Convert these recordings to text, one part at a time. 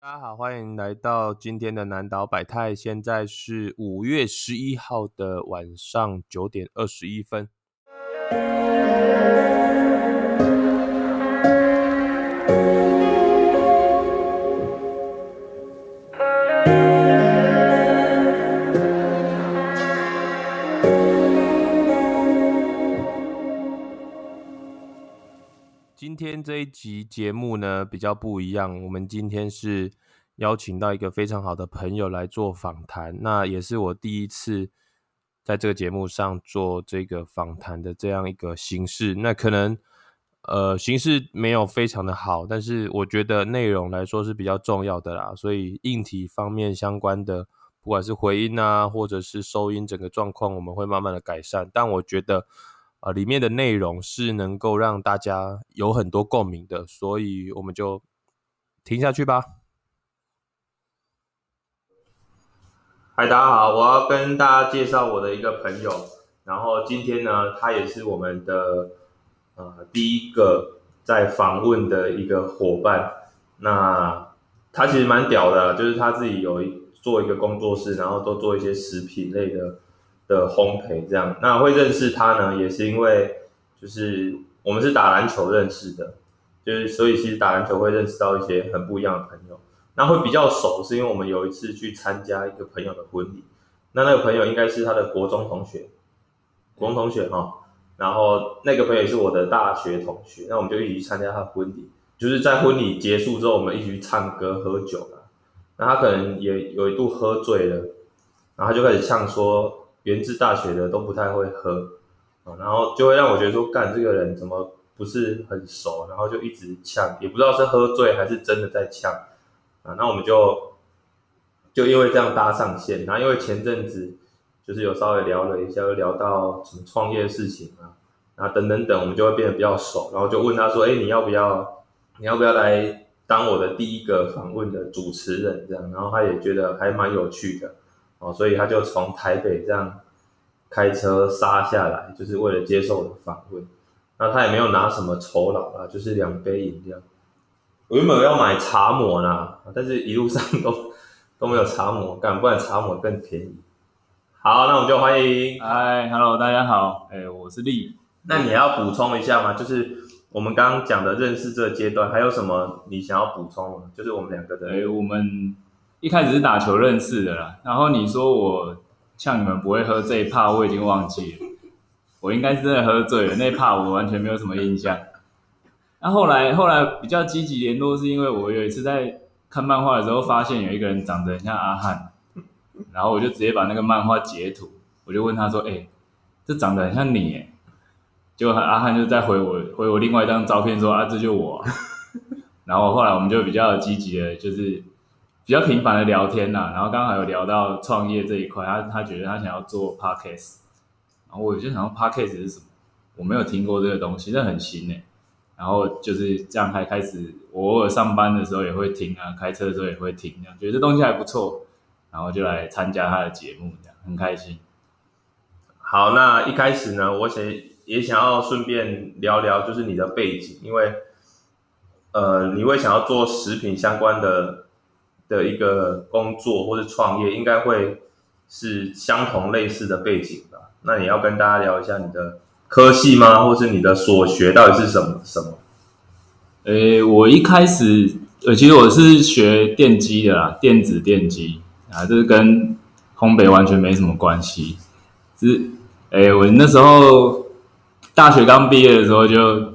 大家好，歡迎來到今天的南島百態。現在是五月十一號的晚上九點二十一分。 今天這一集節目呢，比較不一樣，我們今天是邀請到一個非常好的朋友來做訪談，那也是我第一次在這個節目上做這個訪談的這樣一個形式。那可能呃形式沒有非常的好，但是我覺得內容來說是比較重要的啦。所以硬體方面相關的，不管是回音啊或者是收音整個狀況，我們會慢慢的改善。但我覺得。啊、呃，裡面的內容是能夠讓大家有很多共鳴的，所以我們就聽下去吧。嗨，大家好，我要跟大家介紹我的一個朋友，然後今天呢，他也是我們的呃第一個在訪問的一個夥伴。那他其實蠻屌的，就是他自己有一做一個工作室，然後都做一些食品類的。的烘焙這樣，那會認識他呢，也是因為就是我們是打籃球認識的，就是所以其實打籃球會認識到一些很不一樣的朋友。那會比較熟，是因為我們有一次去參加一個朋友的婚禮，那那個朋友應該是他的國中同學，國中同學齁，然後那個朋友是我的大學同學，那我們就一起去參加他的婚禮，就是在婚禮結束之後，我們一起去唱歌喝酒了。那他可能也有一度喝醉了，然後他就開始唱說。源自大學的都不太會喝，然後，就會讓我覺得說，幹這個人怎麼不是很熟，然後就一直嗆，也不知道是喝醉還是真的在嗆啊。那我們就就因為這樣搭上線，然後因為前陣子就是有稍微聊了一下，又聊到什麼創業事情啊，然後等等等，我們就會變得比較熟，然後就問他說，哎，你要不要你要不要來當我的第一個訪問的主持人這樣？然後他也覺得還蠻有趣的。哦，所以他就從台北這樣開車殺下來，就是為了接受訪問。那他也沒有拿什麼酬勞啊，就是兩杯飲料。我原本要買茶模呢，但是一路上都都沒有茶模。幹，幹不然茶模更便宜。好，那我們就歡迎。嗨 Hello 大家好，欸、我是麗。那你要補充一下嗎？就是我們剛剛講的認識這個階段，還有什麼你想要補充呢？就是我們兩個的人、欸，我們。一開始是打球認識的啦，然後你說我像你們不會喝這一趴，我已經忘記了，我應該是真的喝醉了，那趴我完全沒有什麼印象。那、啊、後來後來比較積極聯絡，是因為我有一次在看漫畫的時候，發現有一個人長得很像阿漢，然後我就直接把那個漫畫截圖，我就問他說：“哎、欸，這長得很像你耶。”結果阿漢就在回我回我另外一張照片說：“啊，這就我、啊。”然後後來我們就比較積極的，就是。比較頻繁的聊天啦、啊、然後剛好有聊到創業這一塊，他他覺得他想要做 Podcast，然後我就想說 Podcast 是什麼？我沒有聽過這個東西，那很新哎，然後就是這樣開開始，我偶爾上班的時候也會聽啊，開車的時候也會聽，這樣覺得這東西還不錯，然後就來參加他的節目，這樣很開心。好，那一開始呢，我想也想要順便聊聊就是你的背景，因為呃，你會想要做食品相關的。的一個工作或是創業，應該會是相同類似的背景吧？那你要跟大家聊一下你的科系嗎？或是你的所學到底是什麼？什麼？誒、欸，我一開始，呃，其實我是學電機的啦，電子電機啊，這、就是跟烘焙完全沒什麼關係。就是，誒、欸，我那時候大學剛畢業的時候就，就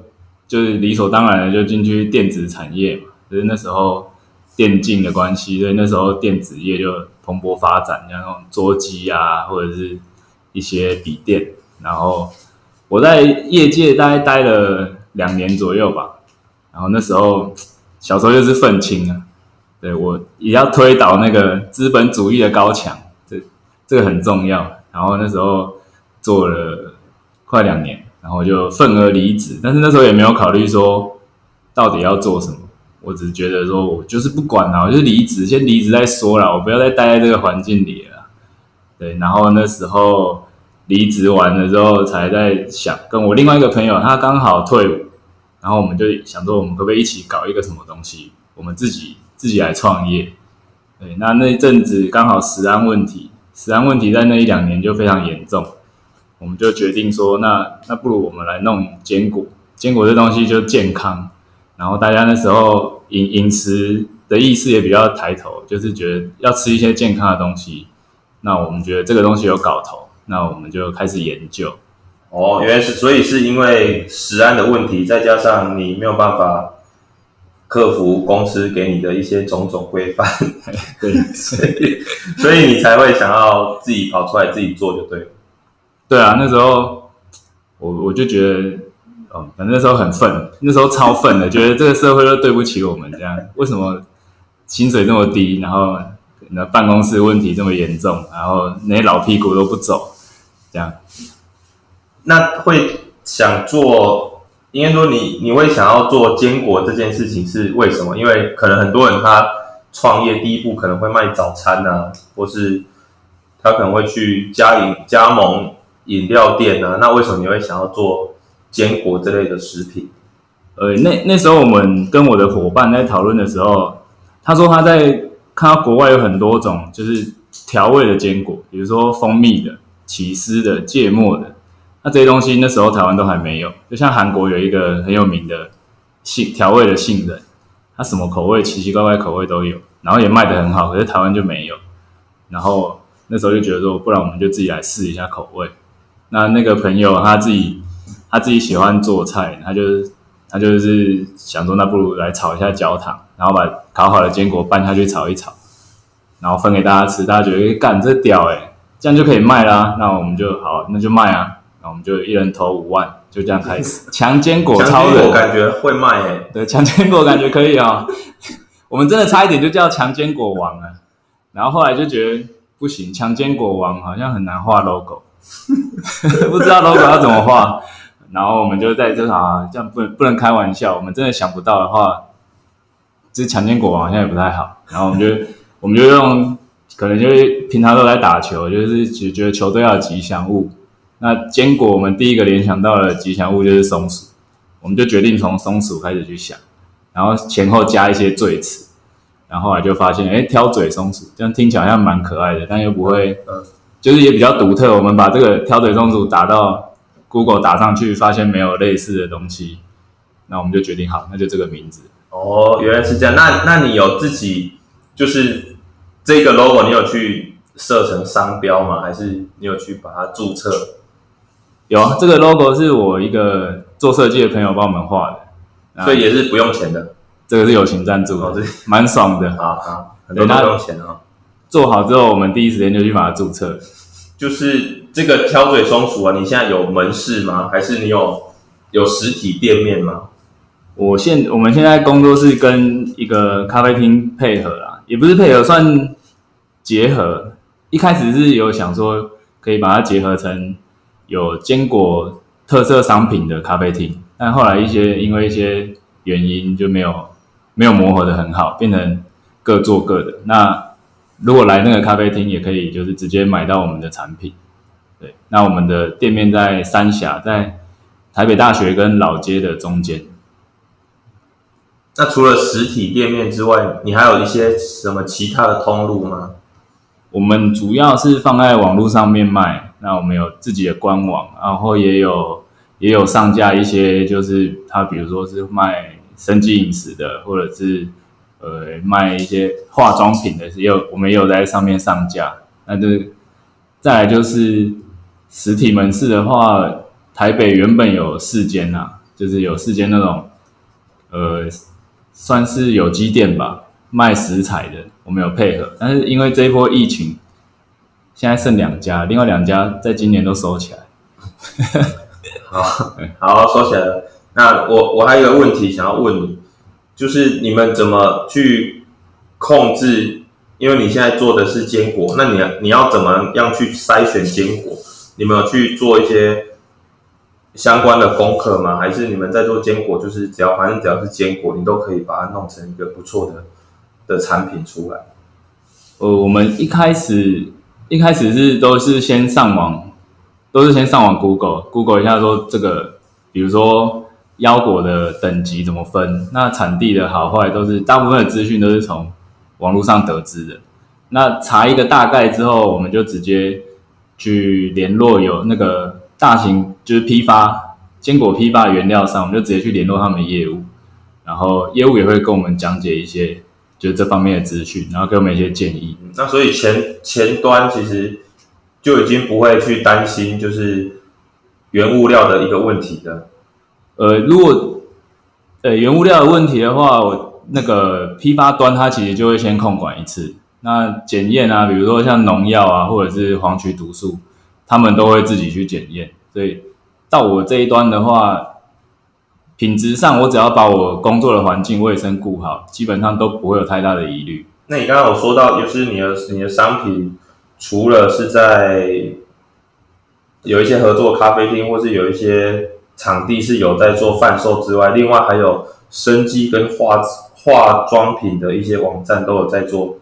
就是理所當然的就進去電子產業嘛。就是那時候。電競的關係，所以那時候電子業就蓬勃發展，像那種桌機啊，或者是一些筆電。然後我在業界待待了兩年左右吧。然後那時候小時候就是憤青啊，對，我也要推倒那個資本主義的高牆，這這個很重要。然後那時候做了快兩年，然後就憤而離職。但是那時候也沒有考慮說到底要做什麼。我只是覺得說，我就是不管了，我就是離職，先離職再說啦，我不要再待在這個環境裡了。對，然後那時候離職完了之後才在想，跟我另外一個朋友，他剛好退伍，然後我們就想說，我們可不可以一起搞一個什麼東西，我們自己自己來創業。對，那那陣子剛好食安問題，食安問題在那一兩年就非常嚴重，我們就決定說那，那那不如我們來弄堅果，堅果這東西就健康，然後大家那時候。飲飲食的意思也比較抬頭，就是覺得要吃一些健康的東西。那我們覺得這個東西有搞頭，那我們就開始研究。哦，原來是所以是因為食安的問題，再加上你沒有辦法克服公司給你的一些種種規範， 對，所以 所以你才會想要自己跑出來自己做就對了。對啊，那時候我我就覺得。哦，反正那時候很憤，那時候超憤的，覺得這個社會都對不起我們這樣。為什麼薪水這麼低？然後那辦公室問題這麼嚴重？然後連老屁股都不走，這樣。那會想做，應該說你你會想要做堅果這件事情是為什麼？因為可能很多人他創業第一步可能會賣早餐啊，或是他可能會去加加盟飲料店啊，那為什麼你會想要做？堅果這類的食品，呃、嗯，那那時候我們跟我的夥伴在討論的時候，他說他在看到國外有很多種就是調味的堅果，比如說蜂蜜的、起司的、芥末的，那這些東西那時候台灣都還沒有。就像韓國有一個很有名的杏，調味的杏仁，它什麼口味奇奇怪怪的口味都有，然後也賣得很好，可是台灣就沒有。然後那時候就覺得說，不然我們就自己來試一下口味。那那個朋友他自己。他自己喜歡做菜，他就是他就是想說，那不如來炒一下焦糖，然後把烤好的堅果拌下去炒一炒，然後分給大家吃，大家覺得幹這屌哎、欸，這樣就可以賣啦。那我們就好，那就賣啊。那我們就一人投五萬，就這樣開始。是強堅果超強堅果感覺會賣哎、欸。對，強堅果感覺可以啊、哦。 我們真的差一點就叫強堅果王了，然後後來就覺得不行，強堅果王好像很難畫 logo。 不知道 logo 要怎麼畫，然後我們就在這啊，這樣不能，不能開玩笑，我們真的想不到的話，這強姦果好像也不太好，然後我們就，我們就用，可能就是平常都在打球，就是只覺得球隊要吉祥物，那堅果我們第一個聯想到的吉祥物就是松鼠，我們就決定從松鼠開始去想，然後前後加一些綴詞，然後後來就發現，哎、欸，挑嘴松鼠，這樣聽起來好像蠻可愛的，但又不會。嗯就是也比較獨特，我們把這個挑嘴松鼠打到 Google 打上去，發現沒有類似的東西，那我們就決定好，那就這個名字。哦，原來是這樣。嗯、那那你有自己就是這個 logo，你有去設成商標嗎？還是你有去把它註冊？有啊，這個 logo 是我一個做設計的朋友幫我們畫的，所以也是不用錢的。啊、這個是友情贊助，蠻、哦、爽的。好好，那不家用錢哦。做好之後，我們第一時間就去把它註冊。就是這個挑嘴松鼠啊，你現在有門市嗎？還是你有有實體店面嗎？我現我們現在工作室跟一個咖啡廳配合啦，也不是配合，算結合。一開始是有想說可以把它結合成有堅果特色商品的咖啡廳，但後來一些，因為一些原因就沒有沒有磨合得很好，變成各做各的。那。如果來那個咖啡廳也可以，就是直接買到我們的產品。對，那我們的店面在三峽，在台北大學跟老街的中間。那除了實體店面之外，你還有一些什麼其他的通路嗎？我們主要是放在網路上面賣。那我們有自己的官網，然後也有也有上架一些，就是它，比如說是賣生機飲食的，或者是。呃，賣一些化妝品的，也有，我們也有在上面上架。那就再來就是實體門市的話，台北原本有四間吶、啊，就是有四間那種呃，算是有機店吧，賣食材的，我們有配合。但是因為這一波疫情，現在剩兩家，另外兩家在今年都收起來。 好，好收起來了。那我我還有個問題想要問你。就是你們怎麼去控制？因為你現在做的是堅果，那你你要怎麼樣去篩選堅果？你們有去做一些相關的功課嗎？還是你們在做堅果，就是只要反正只要是堅果，你都可以把它弄成一個不錯的的產品出來？呃，我們一開始一開始是都是先上網，都是先上網 Google，Google 一下說這個，比如說。腰果的等級怎麼分？那產地的好壞都是大部分的資訊都是從網絡上得知的。那查一個大概之後，我們就直接去聯絡有那個大型就是批發堅果批發原料商，我們就直接去聯絡他們的業務，然後業務也會跟我們講解一些就是這方面的資訊，然後給我們一些建議。嗯，那所以前前端其實就已經不會去擔心就是原物料的一個問題的。呃，如果呃、欸、原物料有問題的話，我那個批發端它其實就會先控管一次，那檢驗啊，比如說像農藥啊，或者是黃麴毒素，他們都會自己去檢驗。所以到我這一端的話，品質上我只要把我工作的環境衛生顧好，基本上都不會有太大的疑慮。那你剛剛有說到，就是你的你的商品，除了是在有一些合作咖啡廳，或是有一些。場地是有在做販售之外，另外還有生機跟化化妝品的一些網站都有在做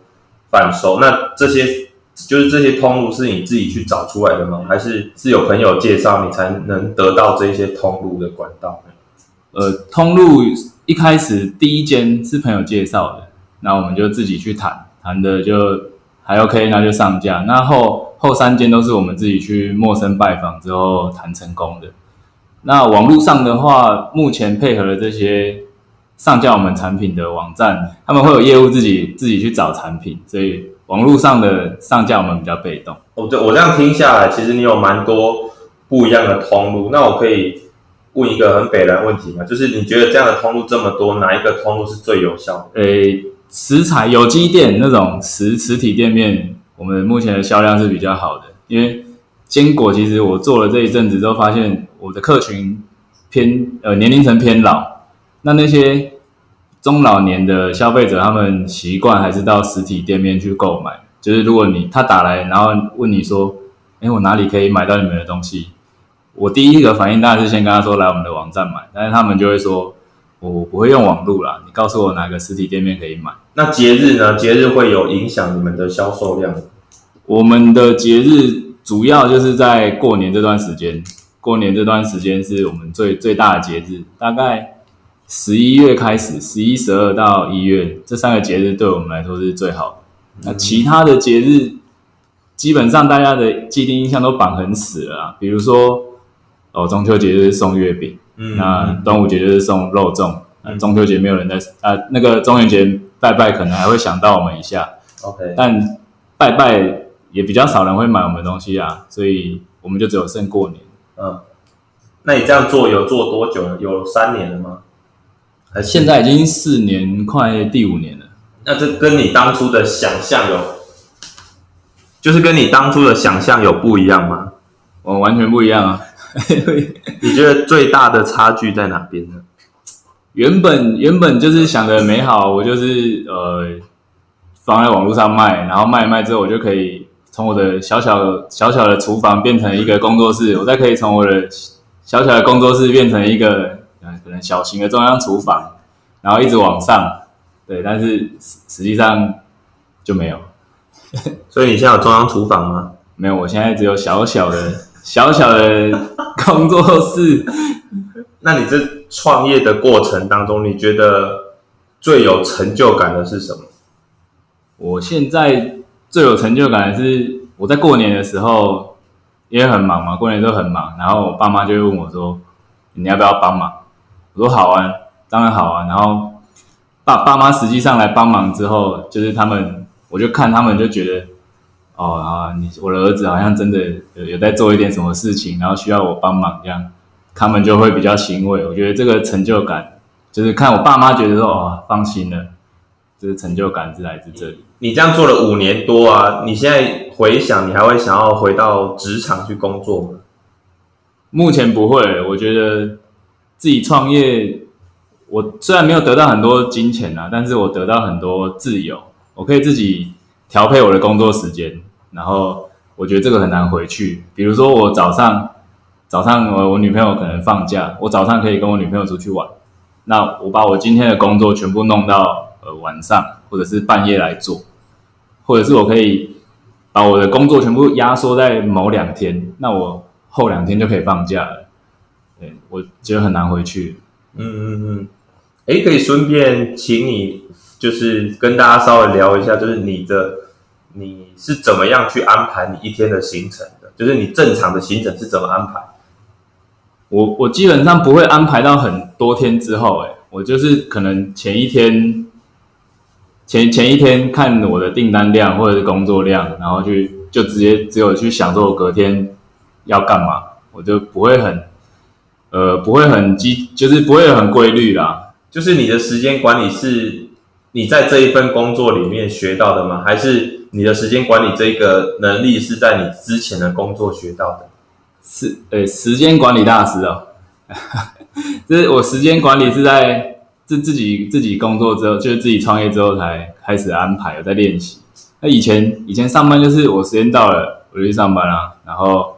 販售。那這些就是這些通路是你自己去找出來的嗎？還是是有朋友介紹你才能得到這些通路的管道？呃，通路一開始第一間是朋友介紹的，那我們就自己去談，談的就還 OK，那就上架。那後後三間都是我們自己去陌生拜訪之後談成功的。那網絡上的話，目前配合了這些上架我們產品的網站，他們會有業務自己自己去找產品，所以網絡上的上架我們比較被動。我這我這樣聽下來，其實你有蠻多不一樣的通路。那我可以問一個很北南的問題嗎？就是你覺得這樣的通路這麼多，哪一個通路是最有效的？誒，食材有機店那種實實體店面，我們目前的銷量是比較好的，因為堅果其實我做了這一陣子之後發現。我的客群偏呃年齡層偏老，那那些中老年的消費者，他們習慣還是到實體店面去購買。就是如果你他打來，然後問你說：“欸，我哪裡可以買到你們的東西？”我第一個反應當然是先跟他說來我們的網站買，但是他們就會說我不會用網路啦，你告訴我哪個實體店面可以買。那節日呢？節日會有影響你們的銷售量？我們的節日主要就是在過年這段時間。過年這段時間是我們最最大的節日，大概十一月開始，十一、十二到一月這三個節日對我們來說是最好的。嗯、那其他的節日，基本上大家的既定印象都綁很死了啦，比如說哦，中秋節就是送月餅，嗯，那端午節就是送肉粽，嗯、中秋節沒有人在、嗯、啊，那個中元節拜拜可能還會想到我們一下，OK，但拜拜也比較少人會買我們的東西啊，所以我們就只有剩過年。嗯，那你這樣做有做多久了？有三年了嗎？現在已經四年，快第五年了。那這跟你當初的想象有，就是跟你當初的想象有不一樣嗎？我、嗯、完全不一樣啊。 你覺得最大的差距在哪邊呢？原本原本就是想的美好，我就是呃放在網絡上賣，然後賣一賣之後，我就可以。從我的小小小小小的廚房變成一個工作室，我再可以從我的小小的工作室變成一個可能小型的中央廚房，然後一直往上，對，但是實際上就沒有。所以你現在有中央廚房嗎？沒有，我現在只有小小的小小的工作室。 那你這創業的過程當中，你覺得最有成就感的是什麼？我現在。最有成就感的是我在過年的時候，因為很忙嘛，過年都很忙。然後我爸媽就會問我說：“你要不要幫忙？”我說：“好啊，當然好啊。”然後爸爸媽實際上來幫忙之後，就是他們，我就看他們就覺得，哦啊，你我的兒子好像真的有有在做一點什麼事情，然後需要我幫忙這樣，他們就會比較欣慰。我覺得這個成就感，就是看我爸媽覺得說：“哦，放心了。”這個成就感是來自這裡。你這樣做了五年多啊，你現在回想，你還會想要回到職場去工作嗎？目前不會，我覺得自己創業。我雖然沒有得到很多金錢啊，但是我得到很多自由。我可以自己調配我的工作時間，然後我覺得這個很難回去。比如說，我早上早上我我女朋友可能放假，我早上可以跟我女朋友出去玩。那我把我今天的工作全部弄到呃晚上或者是半夜來做。或者是我可以把我的工作全部壓縮在某兩天，那我後兩天就可以放假了。對，我覺得很難回去。嗯嗯嗯。哎，可以順便請你就是跟大家稍微聊一下，就是你的你是怎麼樣去安排你一天的行程的？就是你正常的行程是怎麼安排？我我基本上不會安排到很多天之後，哎，我就是可能前一天。前前一天看我的訂單量或者是工作量，然後去就直接只有去想說我隔天要幹嘛，我就不會很呃，不會很積，就是不會很規律啦。就是你的時間管理是你在這一份工作裡面學到的嗎？還是你的時間管理這個能力是在你之前的工作學到的？是，誒，時間管理大師哦，就 是我時間管理是在。自自己自己工作之後，就是自己創業之後才開始安排有在練習。那以前以前上班就是我時間到了我就去上班了，啊、然後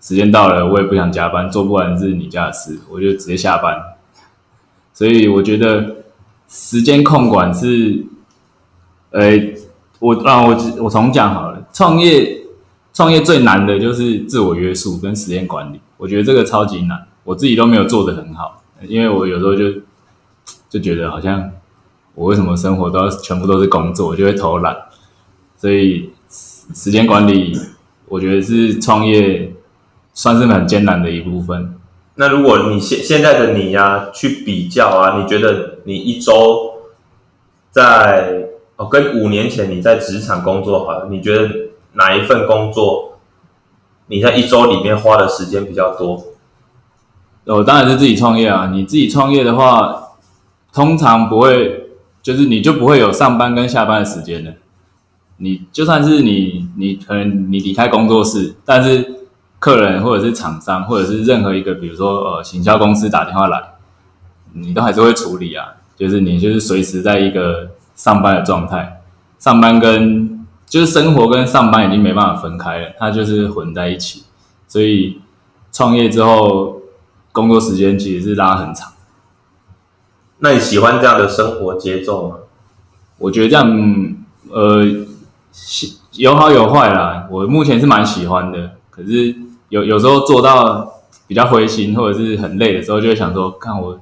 時間到了我也不想加班，做不完是你家的事，我就直接下班。所以我覺得時間控管是，呃、欸，我啊我我重講好了，創業創業最難的就是自我約束跟時間管理，我覺得這個超級難，我自己都沒有做得很好，因為我有時候就。就覺得好像我為什麼生活都要全部都是工作，我就會偷懶，所以時間管理我覺得是創業算是很艱難的一部分。那如果你現現在的你呀、啊，去比較啊，你覺得你一周在哦跟五年前你在職場工作好了，你覺得哪一份工作你在一周裡面花的時間比較多？我、哦、當然是自己創業啊，你自己創業的話。通常不會，就是你就不會有上班跟下班的時間了。你就算是你你可能你離開工作室，但是客人或者是廠商或者是任何一個比如說呃行銷公司打電話來，你都還是會處理啊。就是你就是隨時在一個上班的狀態，上班跟就是生活跟上班已經沒辦法分開了，它就是混在一起。所以創業之後，工作時間其實是拉很長。那你喜歡這樣的生活節奏嗎？我覺得這樣，嗯，呃，有好有壞啦。我目前是蠻喜歡的，可是有有時候做到比較灰心，或者是很累的時候，就會想說，看我，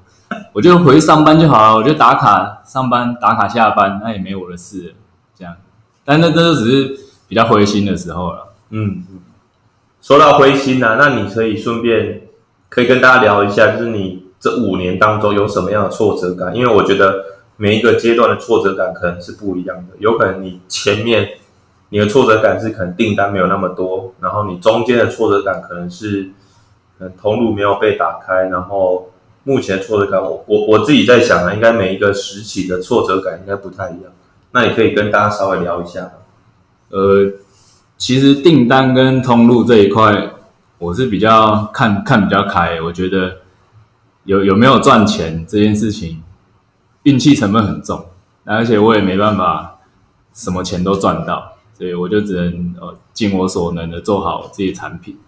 我就回去上班就好了，我就打卡上班，打卡下班，那也沒我的事了。這樣，但那真的只是比較灰心的時候了。嗯嗯，說到灰心啊，那你可以順便可以跟大家聊一下，就是你。這五年當中有什麼樣的挫折感？因為我覺得每一個階段的挫折感可能是不一樣的。有可能你前面你的挫折感是可能訂單沒有那麼多，然後你中間的挫折感可能是嗯，通路沒有被打開，然後目前的挫折感我我我自己在想啊，應該每一個時期的挫折感應該不太一樣。那你可以跟大家稍微聊一下嗎？呃，其實訂單跟通路這一塊我是比較看看比較開，我覺得。有有沒有賺錢這件事情，運氣成分很重，而且我也沒辦法什麼錢都賺到，所以我就只能呃、哦、盡我所能的做好自己的產品。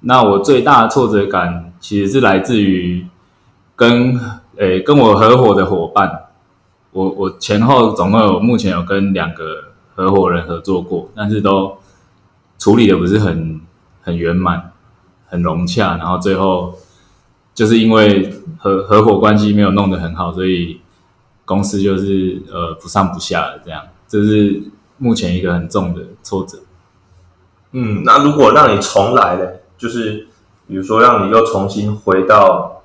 那我最大的挫折感其實是來自於跟誒、欸、跟我合夥的夥伴，我我前後總共有目前有跟兩個合夥人合作過，但是都處理得不是很很圓滿、很融洽，然後最後，就是因為合合夥關係沒有弄得很好，所以公司就是呃不上不下的這樣，這是目前一個很重的挫折。嗯，那如果讓你重來呢？就是比如說，讓你又重新回到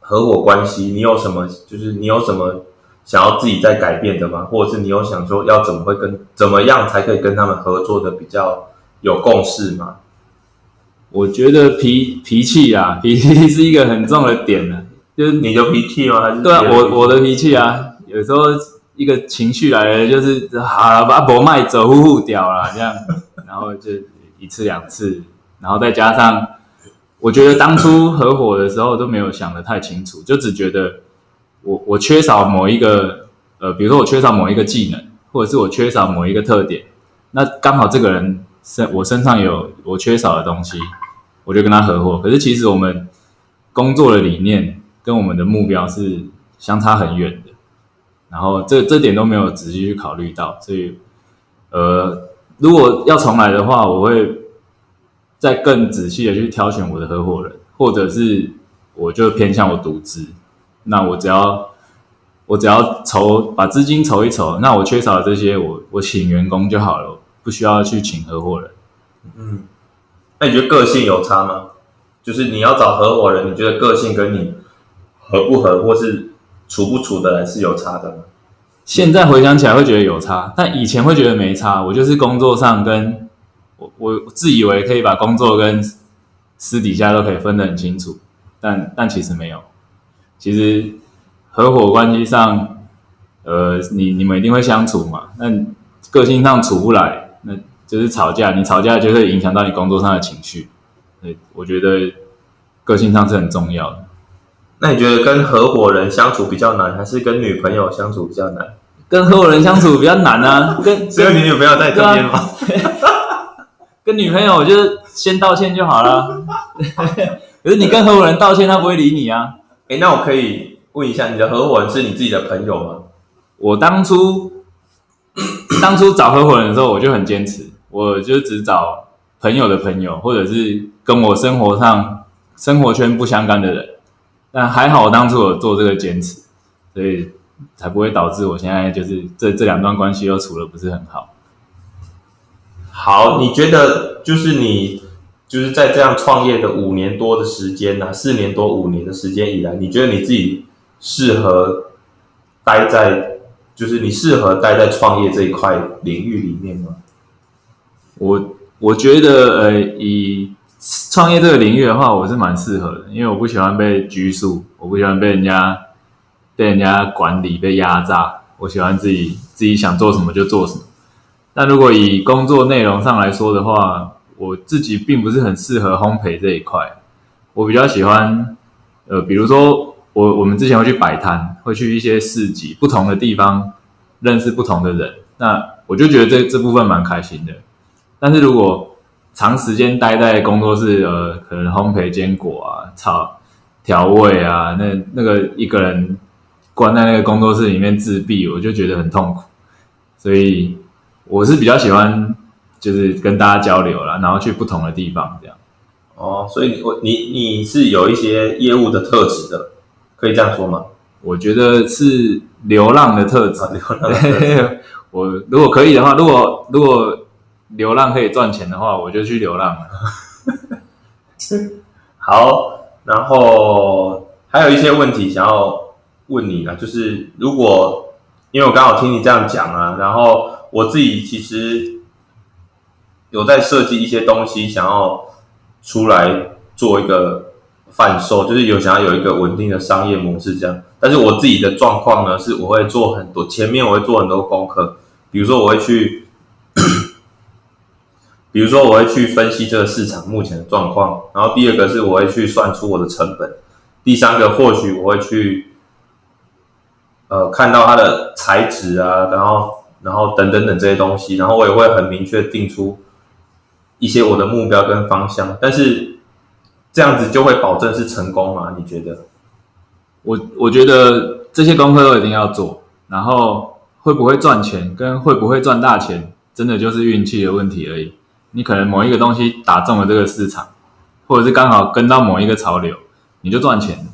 合夥關係，你有什麼？就是你有什麼想要自己再改變的嗎？或者是你有想說要怎麼會跟怎麼樣才可以跟他們合作得比較有共識嗎？我覺得脾脾氣啊，脾氣是一個很重的點呢、啊。就是你的脾氣嗎？氣對啊，我我的脾氣啊，有時候一個情緒來了，就是好了把伯賣走呼呼掉了、啊、這樣，然後就一次兩次，然後再加上，我覺得當初合夥的時候都沒有想得太清楚，就只覺得我我缺少某一個呃，比如說我缺少某一個技能，或者是我缺少某一個特點，那剛好這個人。身我身上有我缺少的東西，我就跟他合夥。可是其實我們工作的理念跟我們的目標是相差很遠的，然後這這點都沒有仔細去考慮到。所以，呃，如果要重來的話，我會再更仔細的去挑選我的合夥人，或者是我就偏向我獨資。那我只要我只要籌把資金籌一籌，那我缺少的這些，我我請員工就好了。不需要去請合夥人。嗯，那你覺得個性有差嗎？就是你要找合夥人，你覺得個性跟你合不合，嗯、或是處不處得來，是有差的嗎？現在回想起來會覺得有差，但以前會覺得沒差。我就是工作上跟我我自以為可以把工作跟私底下都可以分得很清楚，但但其實沒有。其實合夥關係上，呃，你你們一定會相處嘛，那個性上處不來。就是吵架，你吵架就會影響到你工作上的情緒。對，我覺得個性上是很重要的。那你覺得跟合夥人相處比較難，還是跟女朋友相處比較難？跟合夥人相處比較難啊，只有 跟你女朋友在這邊嗎、啊？跟女朋友就是先道歉就好了。 可是你跟合夥人道歉，他不會理你啊。誒、欸、那我可以問一下，你的合夥人是你自己的朋友嗎？我當初當初找合夥人的時候，我就很堅持。我就只找朋友的朋友，或者是跟我生活上生活圈不相干的人。但還好，當初我做這個堅持，所以才不會導致我現在就是這這兩段關係又處的不是很好。好，你覺得就是你就是在這樣創業的五年多的時間呢、啊，四年多五年的時間以來，你覺得你自己適合待在就是你適合待在創業這一塊領域裡面嗎？我我覺得，呃，以創業這個領域的話，我是蠻適合的，因為我不喜歡被拘束，我不喜歡被人家被人家管理、被壓榨，我喜歡自己自己想做什麼就做什麼。但如果以工作內容上來說的話，我自己並不是很適合烘焙這一塊，我比較喜歡，呃，比如說我我們之前會去擺攤，會去一些市集，不同的地方認識不同的人，那我就覺得這這部分蠻開心的。但是如果長時間待在工作室，呃，可能烘焙堅果啊、炒調味啊，那那個一個人關在那個工作室裡面自閉，我就覺得很痛苦。所以我是比較喜歡就是跟大家交流啦，然後去不同的地方這樣。哦，所以你你你是有一些業務的特質的，可以這樣說嗎？我覺得是流浪的特質。流浪的特質。我如果可以的話，如果如果。流浪可以賺錢的話，我就去流浪。 好，然後還有一些問題想要問你啊，就是如果因為我剛好聽你這樣講啊，然後我自己其實有在設計一些東西，想要出來做一個販售，就是有想要有一個穩定的商業模式這樣。但是我自己的狀況呢，是我會做很多，前面我會做很多功課，比如說我會去。比如說，我會去分析這個市場目前的狀況，然後第二個是我會去算出我的成本，第三個或許我會去，呃，看到它的材質啊，然後然後等等等這些東西，然後我也會很明確定出一些我的目標跟方向。但是這樣子就會保證是成功嗎？你覺得？我我覺得這些功課都一定要做，然後會不會賺錢跟會不會賺大錢，真的就是運氣的問題而已。你可能某一個東西打中了這個市場，或者是剛好跟到某一個潮流，你就賺錢了。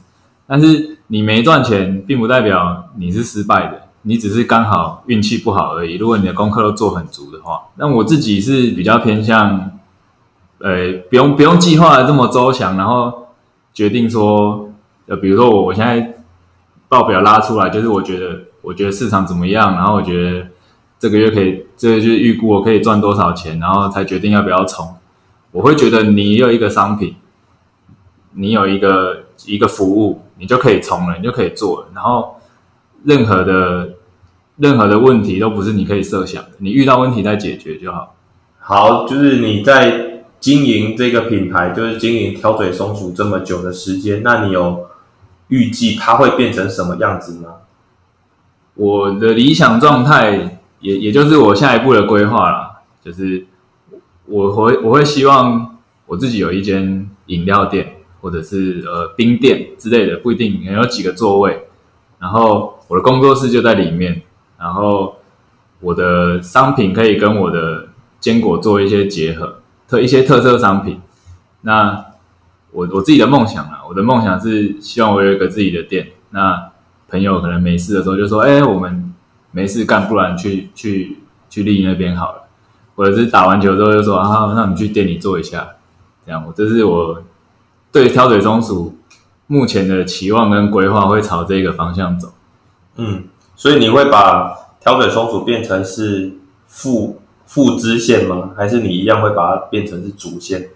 但是你沒賺錢，並不代表你是失敗的，你只是剛好運氣不好而已。如果你的功課都做很足的話，那我自己是比較偏向，呃，不用不用計劃的這麼周詳，然後決定說，呃，比如說我我現在報表拉出來，就是我覺得我覺得市場怎麼樣，然後我覺得。這個月可以，這個，就是預估我可以賺多少錢，然後才決定要不要衝。我會覺得你有一個商品，你有一個一個服務，你就可以衝了，你就可以做了。然後任何的任何的問題都不是你可以設想的，你遇到問題再解決就好。好，就是你在經營這個品牌，就是經營挑嘴松鼠這麼久的時間，那你有預計它會變成什麼樣子嗎？我的理想狀態。也也就是我下一步的規劃啦，就是我我會我會希望我自己有一間飲料店或者是呃冰店之類的，不一定，可能有幾個座位，然後我的工作室就在裡面，然後我的商品可以跟我的堅果做一些結合，特一些特色商品。那我我自己的夢想啊，我的夢想是希望我有一個自己的店，那朋友可能沒事的時候就說，哎、欸，我們。沒事幹，不然去去去麗穎那邊好了。或者是打完球之後就說啊，那我們去店裡坐一下。這樣，我這是我對挑嘴松鼠目前的期望跟規劃，會朝這個方向走。嗯，所以你會把挑嘴松鼠變成是副副支線嗎？還是你一樣會把它變成是主線？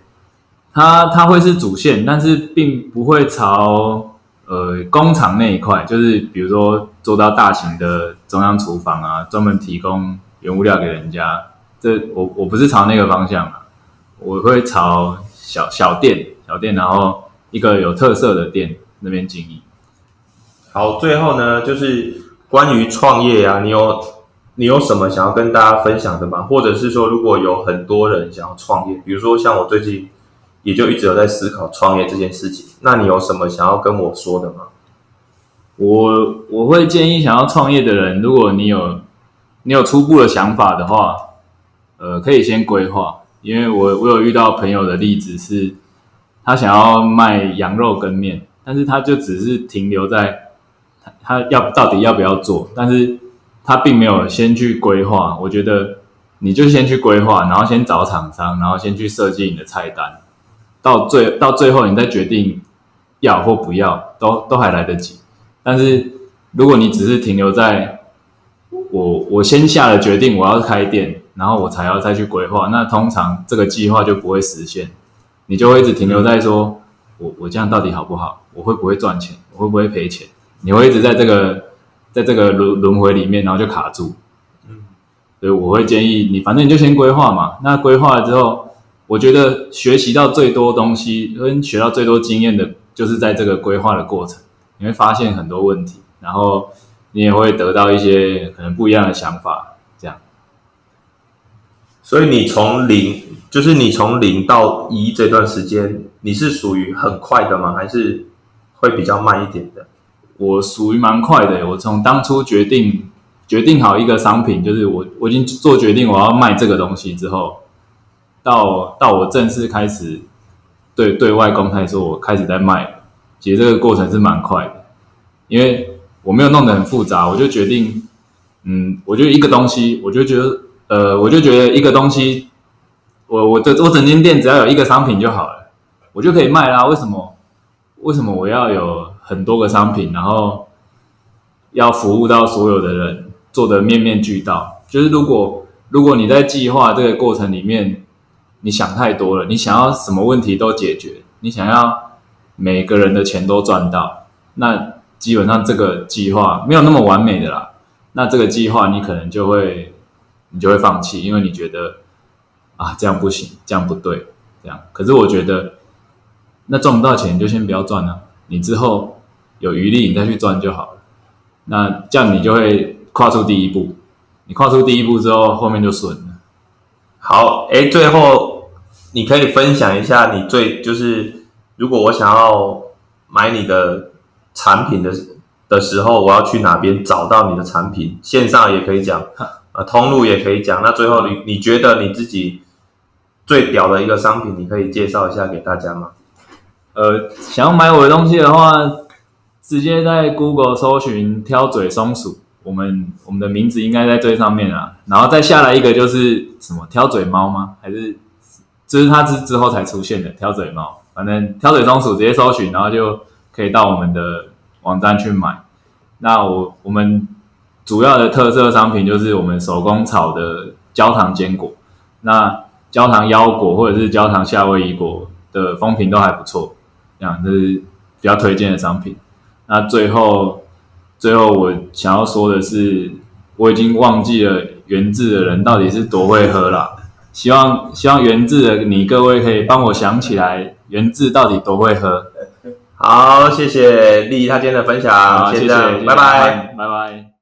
它它會是主線，但是並不會朝呃工廠那一塊，就是比如說。做到大型的中央廚房啊，專門提供原物料給人家，這我我不是朝那個方向啊，我會朝小小店、小店，然後一個有特色的店那邊經營。好，最後呢，就是關於創業啊，你有你有什麼想要跟大家分享的嗎？或者是說，如果有很多人想要創業，比如說像我最近也就一直有在思考創業這件事情，那你有什麼想要跟我說的嗎？我我會建議想要創業的人，如果你有你有初步的想法的話，呃，可以先規劃。因為我我有遇到朋友的例子是，他想要賣羊肉跟麵，但是他就只是停留在他他要到底要不要做，但是他並沒有先去規劃。我覺得你就先去規劃，然後先找廠商，然後先去設計你的菜單，到最到最後你再決定要或不要，都都還來得及。但是，如果你只是停留在我我先下了決定，我要開店，然後我才要再去規劃，那通常這個計劃就不會實現，你就會一直停留在說，我我這樣到底好不好？我會不會賺錢？我會不會賠錢？你會一直在這個在這個輪輪迴裡面，然後就卡住。嗯，所以我會建議你，反正你就先規劃嘛。那規劃了之後，我覺得學習到最多東西跟學到最多經驗的，就是在這個規劃的過程。你會發現很多問題，然後你也會得到一些可能不一樣的想法，這樣。所以你從零，就是你從零到一這段時間，你是屬於很快的嗎？還是會比較慢一點的？我屬於蠻快的。我從當初決定決定好一個商品，就是我我已經做決定我要賣這個東西之後，到到我正式開始對對外公開的時候，我開始在賣。其實這個過程是蠻快的，因為我沒有弄得很複雜，我就決定，嗯，我就一個東西，我就覺得，呃，我就覺得一個東西，我我的我整間店只要有一個商品就好了，我就可以賣啦啊。為什麼？為什麼我要有很多個商品，然後要服務到所有的人，做得面面俱到？就是如果如果你在計劃這個過程裡面，你想太多了，你想要什麼問題都解決，你想要。每個人的錢都賺到，那基本上這個計劃沒有那麼完美的啦。那這個計劃你可能就會，你就會放棄，因為你覺得啊這樣不行，這樣不對，這樣。可是我覺得，那賺不到錢你就先不要賺了，啊，你之後有餘力你再去賺就好了。那這樣你就會跨出第一步，你跨出第一步之後，後面就損了。好，哎、欸，最後你可以分享一下你最就是。如果我想要買你的產品的的時候，我要去哪邊找到你的產品？線上也可以講，呃，通路也可以講。那最後你你覺得你自己最屌的一個商品，你可以介紹一下給大家嗎？呃，想要買我的東西的話，直接在 Google 搜尋“挑嘴松鼠”，我們我們的名字應該在最上面啊。然後再下來一個就是什麼“挑嘴貓”嗎？還是這、就是它之之後才出現的“挑嘴貓”？反正挑嘴松鼠直接搜尋，然後就可以到我們的網站去買。那我我們主要的特色商品就是我們手工炒的焦糖堅果，那焦糖腰果或者是焦糖夏威夷果的風評都還不錯，這樣就是比較推薦的商品。那最後最後我想要說的是，我已經忘記了原治的人到底是多會喝啦，希望希望原治的你各位可以幫我想起來。原製到底多會喝？好，謝謝麗麗她今天的分享，先、嗯、這樣謝謝，拜拜，謝謝謝謝拜拜。拜拜拜拜。